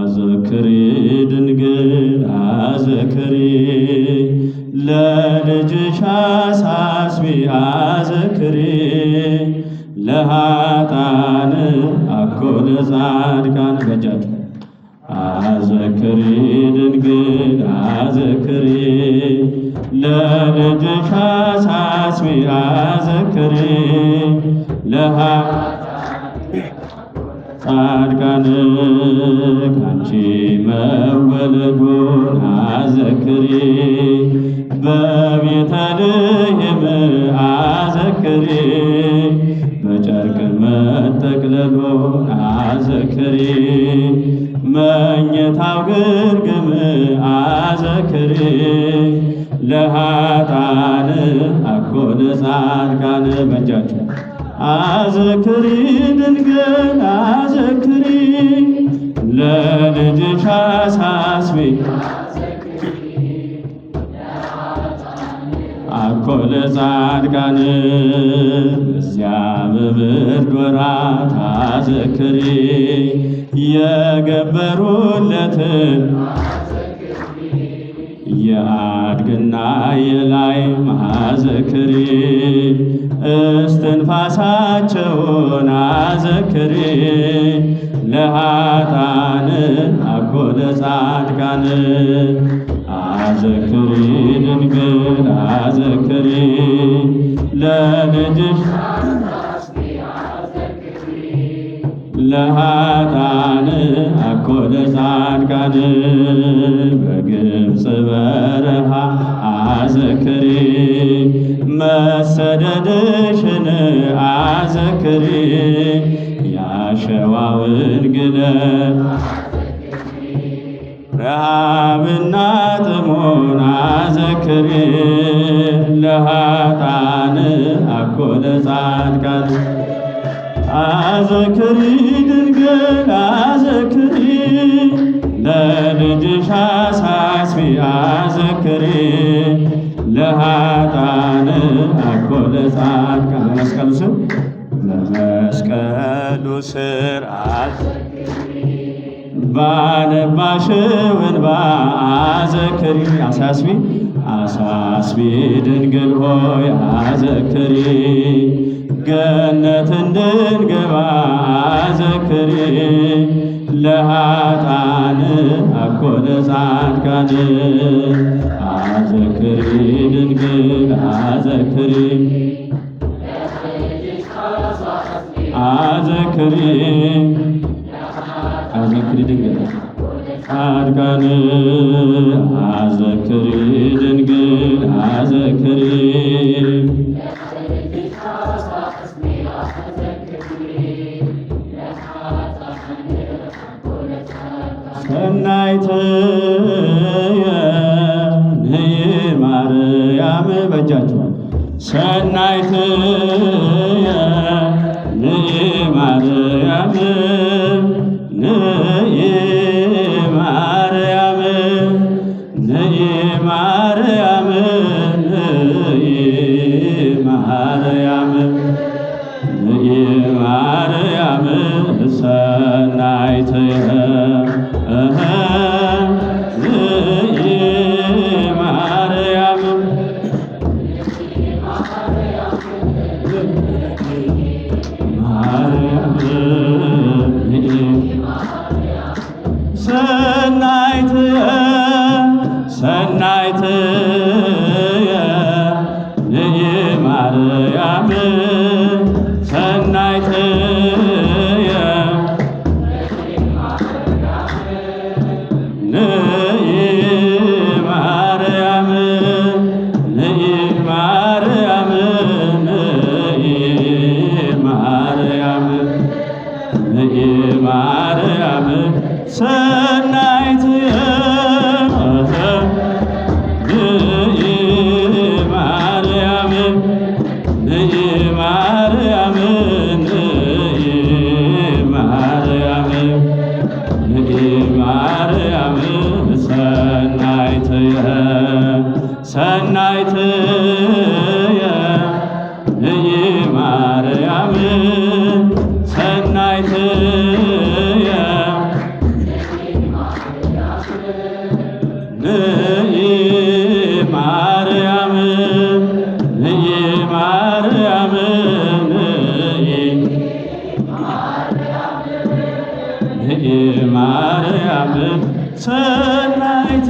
አዘክሪ ድንግል አዘክሪ ለልጅሽ አሳስቢ አዘክሬ ለሃጣን አኮ ለጻድቃን በጃችሁ አዘክሬ ድንግል አዘክሬ ለልጅሽ አሳስቢ አዘክሬ ለሃ ጻድቃን ካንቺ መወለዱን አዘክሪ በቤተልሔም አዘክሪ በጨርቅ መጠቅለሉን አዘክሪ መኝታው ግርግም አዘክሪ ለሃጣን አኮነ ጻድቃን በእጃቸው አዘክሪ ድንግል አዘክሪ ለልጅሽ አሳስቢ አኮ ለጻድቃን እዚያ በብርድ ወራት አዘክሪ የገበሩለትን የአድግና የላይ ማዘክሪ ትንፋሳቸውን አዘክሪ ለሃጣን አኮ ለጻድቃን አዘክሬ ድንግል አዘክሬ ለልጅሽ ለሃጣን አኮ ለጻድቃን በግብፅ በረ ዘክሬ ያሸዋውን ግደል ረሃብና ጥሙን አዘክሬ ለሃጣን አኮለ ጻድቃን አዘክሪ ድንግል አዘክሪ ለልጅሽ አሳስቢ አዘክሪ ለሃጣን አኮለ ጻድቃን መስቀሉ ስም ስርዓት ባነባሽው እንባ አዘክሪ አሳስቢ አሳስቢ ድንግል ሆይ አዘክሪ ገነት እንድንገባ አዘክሪ ለሃጣን አኮ ለጻድቃን አዘክሪ ድንግል አዘክሪ አዘክሪ አዘክሪ ድንግል ጻድቃን አዘክሪ ድንግል አዘክሪ ሰናይት ነይ ማርያም በጃችኋል ሰናይት ማርያም ነይ ማርያም ነይ ማርያም ነይ ማርያም ሰናይተ ሰናይት ሰናይት ማርያም ሰናይት Say ማርያም ሰናይት